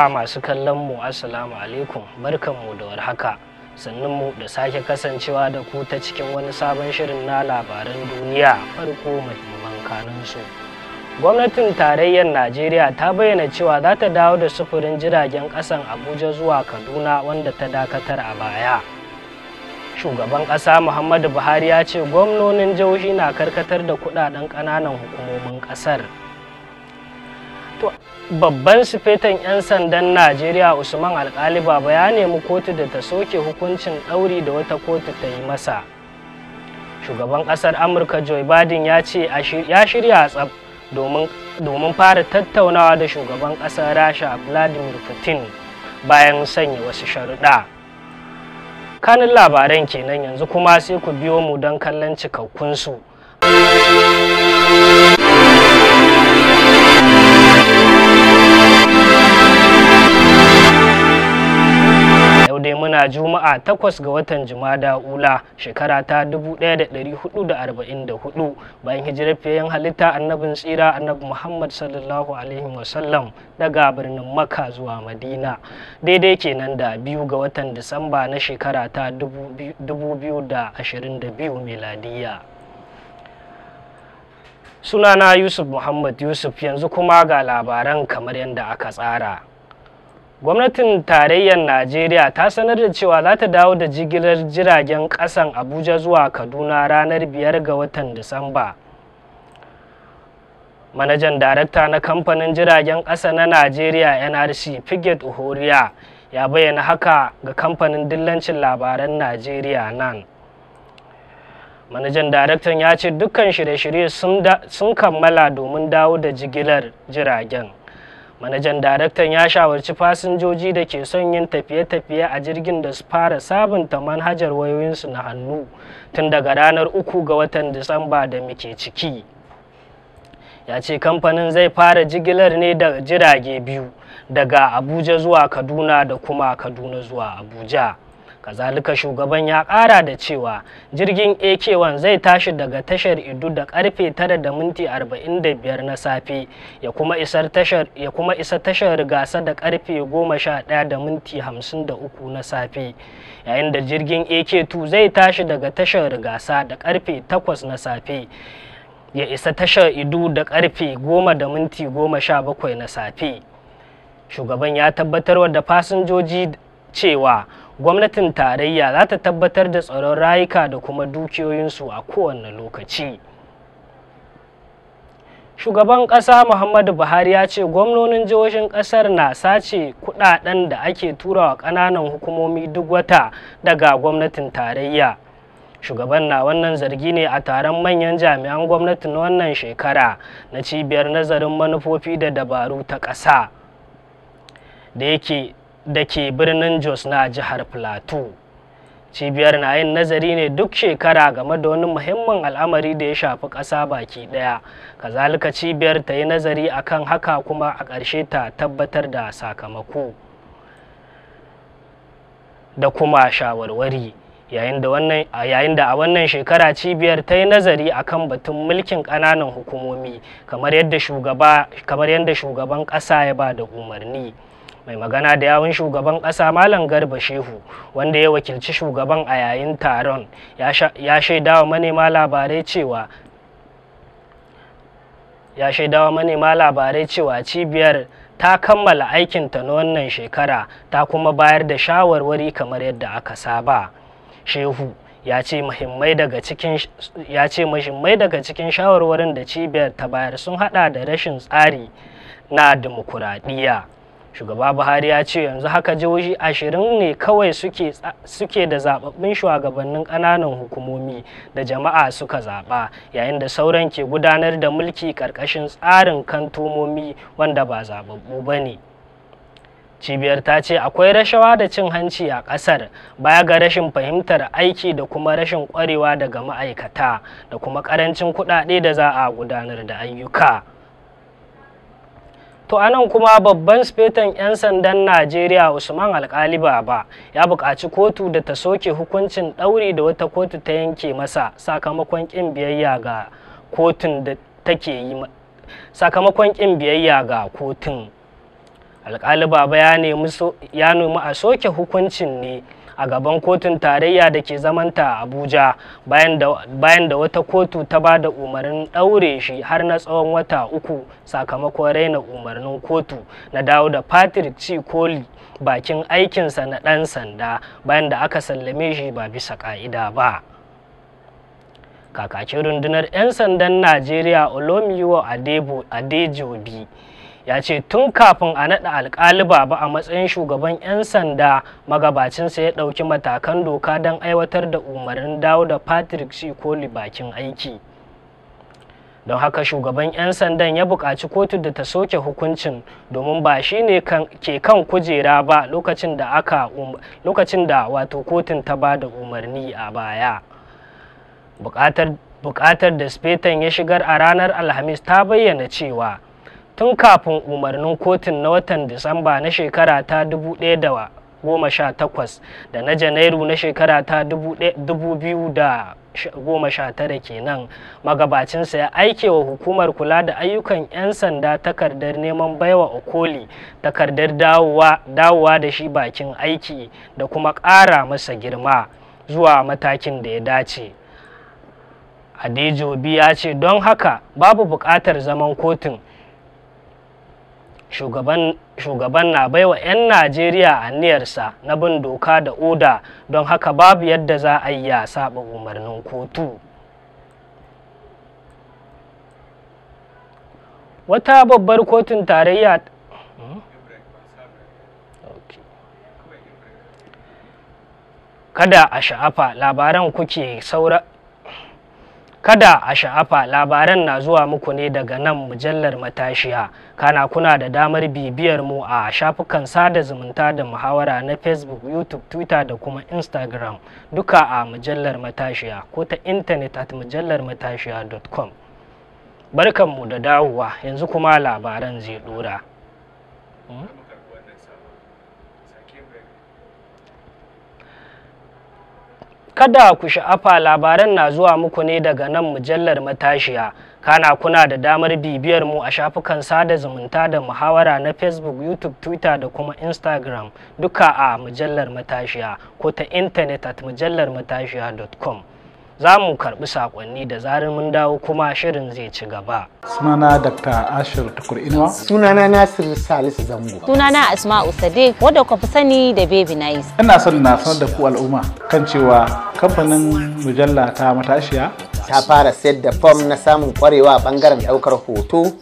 Jama'a masu kallon mu Assalamu alaikum barkanmu da warhaka mu da sake kasancewa da ku ta cikin wani sabon shirin na labaran duniya farko muhimman kanunsu. Gwamnatin tarayyar Najeriya ta bayyana cewa za ta dawo da sufurin jiragen ƙasan Abuja zuwa Kaduna wanda ta dakatar a baya. Shugaban ƙasa Muhammadu Buhari ya ce gwamnonin jihohi na karkatar da kudaden ƙananan hukumomin ƙasar. babban sufetan 'yan sandan najeriya usman Alkaliba baba ya nemi kotu da ta soke hukuncin ɗauri da wata kotu ta yi masa shugaban ƙasar amurka joe biden ya ce ya shirya tsab domin fara tattaunawa da shugaban ƙasar rasha vladimir putin bayan sanya wasu sharuɗa kanin labaran kenan yanzu kuma sai ku biyo mu don kallon cikakkunsu. su dai muna juma'a takwas ga watan jumada ula shekara ta 1444 bayan hijirar fiyayen halitta annabin tsira annabi muhammad sallallahu alaihi wasallam daga birnin makka zuwa madina daidai kenan da biyu ga watan disamba na shekara ta 2022 miladiya sunana yusuf muhammad yusuf yanzu kuma ga labaran kamar yadda aka tsara gwamnatin tarayyar najeriya ta sanar da cewa za ta dawo da jigilar jiragen kasan abuja zuwa kaduna ranar biyar ga watan disamba manajan darakta na kamfanin jiragen kasa na najeriya nrc piget uhuria ya bayyana haka ga kamfanin dillancin labaran najeriya nan manajan daraktan ya ce dukkan shirye-shirye sun kammala domin dawo da jigilar jiragen manajan daraktan ya shawarci fasinjoji da ke son yin tafiye-tafiye a jirgin da su fara sabunta manhajar wayoyinsu na hannu tun daga ranar uku ga watan disamba da muke ciki ya ce kamfanin zai fara jigilar ne da jirage biyu daga abuja zuwa kaduna da kuma kaduna zuwa abuja kazalika shugaban ya kara da cewa jirgin ak1 zai tashi daga tashar idu da karfe 9 da minti 45 na safe ya kuma isa tashar gasa da karfe 11 da minti 53 na safe yayin da jirgin ak2 zai tashi daga tashar gasa da karfe 8 na safe ya isa tashar idu da karfe 10 da minti 17 na safe shugaban ya tabbatarwa da fasinjoji cewa gwamnatin tarayya za ta tabbatar da tsaron rayuka da kuma dukiyoyinsu a kowane lokaci shugaban ƙasa muhammadu buhari ya ce gwamnonin jihohin ƙasar na sace kuɗaɗen da ake turawa ƙananan hukumomi duk wata daga gwamnatin tarayya shugaban na wannan zargi ne a taron manyan jami'an gwamnati na wannan shekara na cibiyar nazarin manufofi da dabaru ta ƙasa da yake da ke birnin jos na jihar plateau cibiyar na yin nazari ne duk shekara game da wani muhimmin al'amari da ya shafi ƙasa baki ɗaya kazalika cibiyar ta yi nazari akan haka kuma a ƙarshe ta tabbatar da sakamako da kuma shawarwari yayin da a wannan shekara cibiyar ta yi nazari akan batun mulkin ƙananan hukumomi kamar yadda shugaban ƙasa ya ba da umarni mai magana da yawun shugaban ƙasa malam garba shehu wanda ya wakilci shugaban a yayin taron ya shaidawa manema labarai cewa ya shaidawa manema labarai cewa cibiyar ta kammala aikinta na wannan shekara ta kuma bayar da shawarwari kamar yadda aka saba shehu ya ce muhimmai daga cikin shawarwarin da cibiyar ta bayar sun hada da rashin tsari na dimokuraɗiyya shugaba buhari ya ce yanzu haka jihohi ashirin ne kawai suke da zababbin shugabannin ƙananan hukumomi da jama'a suka zaɓa yayin da sauran ke gudanar da mulki ƙarƙashin tsarin kantomomi wanda ba zababbu ba ne cibiyar ta ce akwai rashawa da cin hanci a ƙasar baya ga rashin fahimtar aiki da kuma rashin ƙwarewa daga ma'aikata da kuma ƙarancin kuɗaɗe da za a gudanar da ayyuka. to anan kuma babban spetan 'yan sandan najeriya usman alkali ba ya buƙaci kotu da ta soke hukuncin ɗauri da wata kotu ta yanke masa sakamakon ƙin biyayya ga kotun da take yi sakamakon ƙin biyayya ga kotun alkali baba ya nemi a soke hukuncin ne a gaban kotun tarayya da ke zamanta abuja bayan da wata kotu ta ba da umarnin ɗaure shi har na tsawon wata uku sakamakon raina umarnin kotu na dawo da patrick c coley bakin aikinsa na ɗan sanda bayan da aka sallame shi ba bisa ƙa'ida ba kakakin rundunar 'yan sandan najeriya olomiyo adejobi ya ce tun kafin a naɗa alƙaliba ba a matsayin shugaban 'yan sanda magabacinsa ya ɗauki matakan doka don aiwatar da umarnin dawo da patrick ko bakin aiki don haka shugaban 'yan sandan ya buƙaci kotu da ta soke hukuncin domin ba shi ne ke kan kujera ba um, lokacin da wato kotun ta ba da umarni a baya buƙatar da spetan ya shigar a ranar alhamis ta bayyana cewa tun kafin umarnin kotun na watan disamba na shekara ta 2018 da na janairu na shekara ta 2019 kenan magabacinsa ya aike wa hukumar kula da ayyukan 'yan sanda takardar neman baiwa okoli takardar dawowa da shi bakin aiki da kuma ƙara masa girma zuwa matakin da ya dace adejobi ya ce don haka babu buƙatar zaman kotun shugaban na baiwa 'yan najeriya aniyarsa na bin doka da oda don haka babu yadda za a yi ya umarnin kotu wata babbar kotun tarayya hmm? kada a sha'afa labaran kuke saura Kada a sha'afa labaran na zuwa muku ne daga nan mujallar matashiya, kana kuna da damar bibiyar mu a shafukan sada zumunta da muhawara na Facebook, YouTube, Twitter da kuma Instagram duka a mujallar matashiya ko ta intanet at mujallar matashiya.com Barkanmu da dawowa yanzu kuma labaran zai dora. Hmm? Kada ku sha'afa labaran na zuwa muku ne daga nan mujallar matashiya. Kana kuna da damar bibiyar mu a shafukan sada zumunta da muhawara na Facebook, YouTube, Twitter da kuma Instagram duka a mujallar matashiya ko ta intanet at mujallar mujallarmatashiya.com. za mu karɓi sakonni da zarar mun dawo kuma shirin zai ci gaba. Sunana Dr. Ashir Tukur Inuwa. Sunana Nasir Salisu Zango. Sunana Asma'u Sadiq wadda ku sani da Baby Nice. Ina son na sanar da ku al'umma kan cewa kamfanin mujalla ta matashiya ta fara sayar da fom na samun kwarewa a bangaren daukar hoto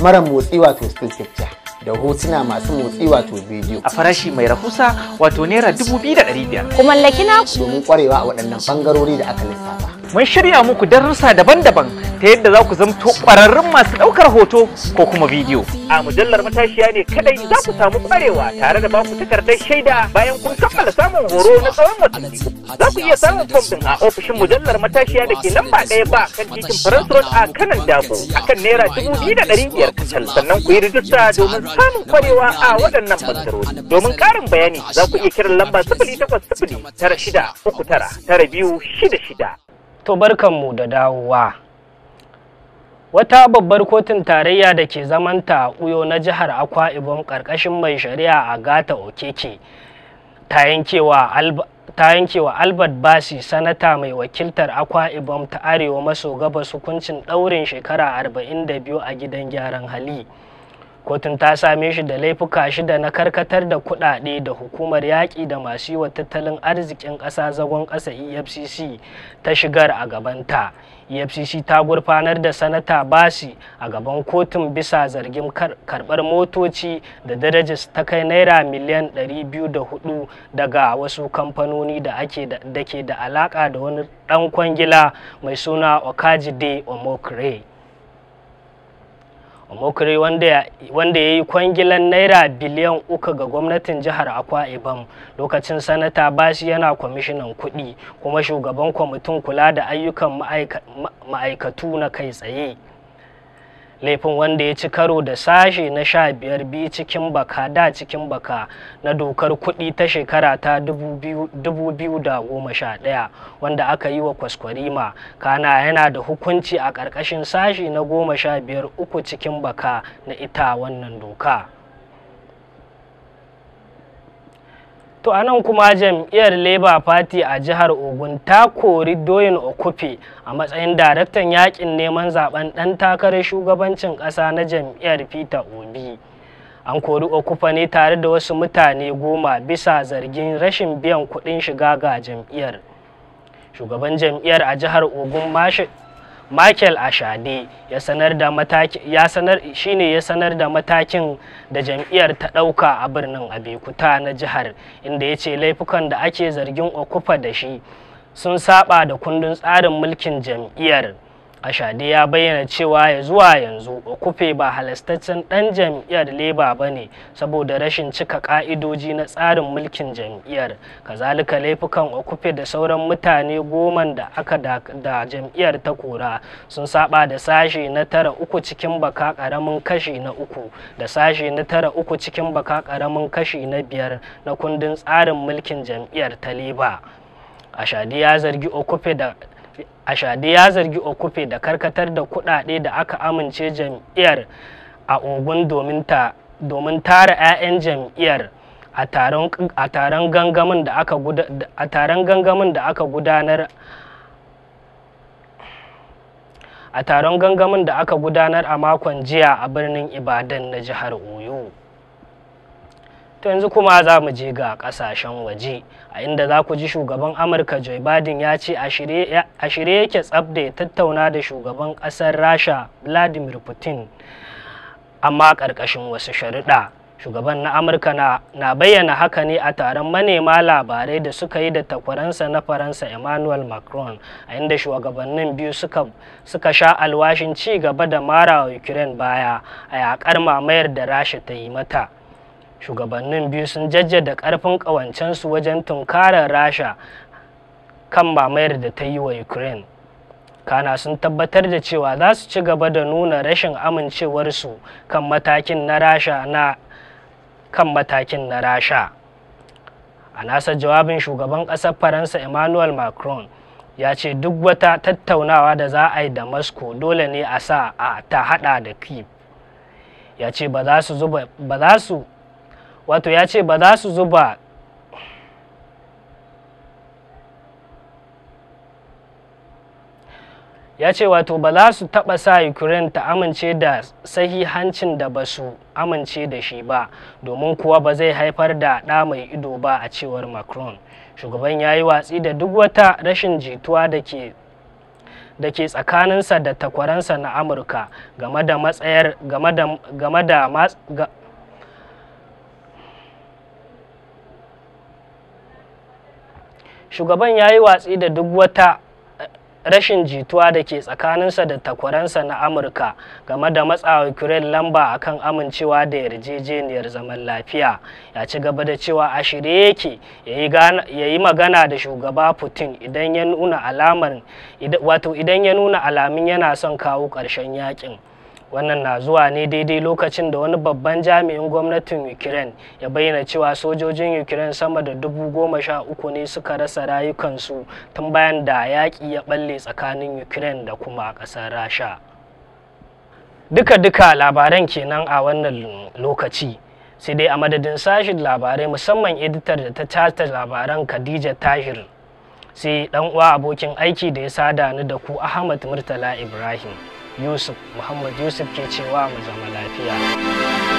mara motsi wato still picture. da hotuna masu motsi wato bidiyo a farashi mai rahusa wato naira dubu biyu da ɗari biyar. Ku mallaki naku domin kwarewa a waɗannan bangarori da aka lissafa. mun shirya muku darussa daban-daban ta yadda za ku zamto ƙwararrun masu ɗaukar hoto ko kuma bidiyo. A mujallar matashiya ne kadai za ku samu ƙwarewa tare da baku takardar shaida bayan kun kammala samun horo na tsawon watanni. Za ku iya samun fom ɗin a ofishin mujallar matashiya da ke lamba ɗaya ba kan titin Farans Road a kanan Dabo akan naira dubu biyu da ɗari biyar kacal sannan ku yi rijista domin samun ƙwarewa a waɗannan bangarori. Domin ƙarin bayani za ku iya kiran lamba sifili takwas sifili tara shida uku tara tara biyu shida shida. To barkanmu da dawowa. Wata babbar kotun tarayya da ke zamanta uyo na jihar Akwa Ibom ƙarƙashin mai shari'a a gata Okeke ta yankewa Albert Basi sanata mai wakiltar Akwa Ibom ta Arewa maso gabas hukuncin ɗaurin shekara 42 a gidan gyaran hali. kotun ta same shi da laifuka shida na karkatar da kudade da hukumar yaƙi da masu yi wa tattalin arzikin ƙasa zagon ƙasa efcc ta shigar a gabanta efcc ta gurfanar da sanata basi a gaban kotun bisa zargin karɓar motoci da darajas ta kai naira miliyan 204 daga wasu kamfanoni da ke da alaƙa da wani ɗan kwangila mai suna okajide omokre Omokri wanda ya yi kwangilan naira biliyan uku ga gwamnatin jihar Akwa Ibom lokacin sanata Bashi yana kwamishinan kuɗi kuma shugaban kwamitin kula da ayyukan ma'aikatu na kai tsaye. laifin wanda ya ci karo da sashe na sha biyar bi cikin baka da cikin baka na dokar kuɗi ta shekara ta 2011 wanda aka yi wa kwaskwarima kana yana da hukunci a ƙarƙashin sashe na goma sha biyar uku cikin baka na ita wannan doka. to a nan kuma jam'iyyar labour party a jihar ogun ta kori doyin okupe a matsayin daraktan yakin neman zaben dan takarar shugabancin kasa na jam'iyyar peter obi an kori okupa ne tare da wasu mutane goma bisa zargin rashin biyan kuɗin shiga ga jam'iyyar shugaban jam'iyyar a jihar ogun michael ashade ya sanar da mataki ya sanar shine ya sanar da matakin da jam'iyyar ta ɗauka a birnin abekuta na jihar inda yace laifukan da ake zargin okufa da shi sun saba da kundin tsarin mulkin jam'iyyar ashadi ya bayyana cewa ya zuwa yanzu okupe ba halastaccen ɗan jam'iyyar leba ba ne saboda rashin cika ƙa'idoji na tsarin mulkin jam'iyyar kazalika laifukan okupe da sauran mutane goman da aka da jam'iyyar ta kora sun saba da sashe na tara uku cikin baka ƙaramin kashi na uku da sashe na tara uku cikin baka ƙaramin kashi na biyar na kundin tsarin mulkin jam'iyyar ta leba Ashade ya zargi okupe da ashadi ya zargi okupe da karkatar da kudade da aka amince jam'iyyar a ogun domin tara 'ya'yan jam'iyyar a taron gangamin da aka gudanar a taron gangamin da aka gudanar a makon jiya a birnin ibadan na jihar oyo to yanzu kuma za mu je ga kasashen waje a inda za ku ji shugaban amurka joe biden ya ce a shirye yake tsabda ya tattauna da shugaban kasar rasha vladimir putin amma ƙarƙashin wasu sharuɗa shugaban na amurka na bayyana haka ne a taron manema labarai da suka yi da takwaransa na faransa emmanuel macron a inda shugabannin biyu suka, sha alwashin ci gaba da mara wa ukraine baya a yakar mamayar da rasha ta yi mata shugabannin biyu sun jajjada karfin ƙawancensu wajen tunkarar rasha kan mamayar da ta yi wa ukraine kana sun tabbatar da cewa za su ci gaba da nuna rashin amincewarsu kan matakin na rasha na kan matakin na rasha a nasa jawabin shugaban ƙasar faransa emmanuel macron ya ce duk wata tattaunawa da za a yi da moscow dole ne a sa a ta hada da kyiv ya ce ba za su wato ya ce ba za su zuba ya ce wato ba za su taɓa sa ukraine ta amince da sahihancin da ba su amince da shi ba domin kuwa ba zai haifar da ɗa mai ido ba a cewar macron shugaban ya yi watsi da duk wata rashin jituwa da ke da ke tsakaninsa da takwaransa na amurka game da matsayar game da shugaban ya yi watsi da duk wata eh, rashin jituwa da ke tsakaninsa da takwaransa na amurka game da matsawa ukraine lamba akan amincewa da yarjejeniyar zaman lafiya ya ci gaba da cewa a shirye yake ya yi magana da shugaba putin idan ya nuna alamin yana son kawo ƙarshen yakin wannan na zuwa ne daidai lokacin da wani babban jami'in gwamnatin ukraine ya bayyana cewa sojojin ukraine sama da dubu goma sha uku ne suka rasa rayukansu tun bayan da yaƙi ya balle tsakanin ukraine da kuma ƙasar rasha duka-duka labaran kenan a wannan lokaci sai dai a madadin sashin labarai musamman editar da ta tata labaran khadija tahir sai dan uwa abokin aiki da ya sada ni da ku ahmad murtala ibrahim yusuf muhammad yusuf ke cewa mu zama lafiya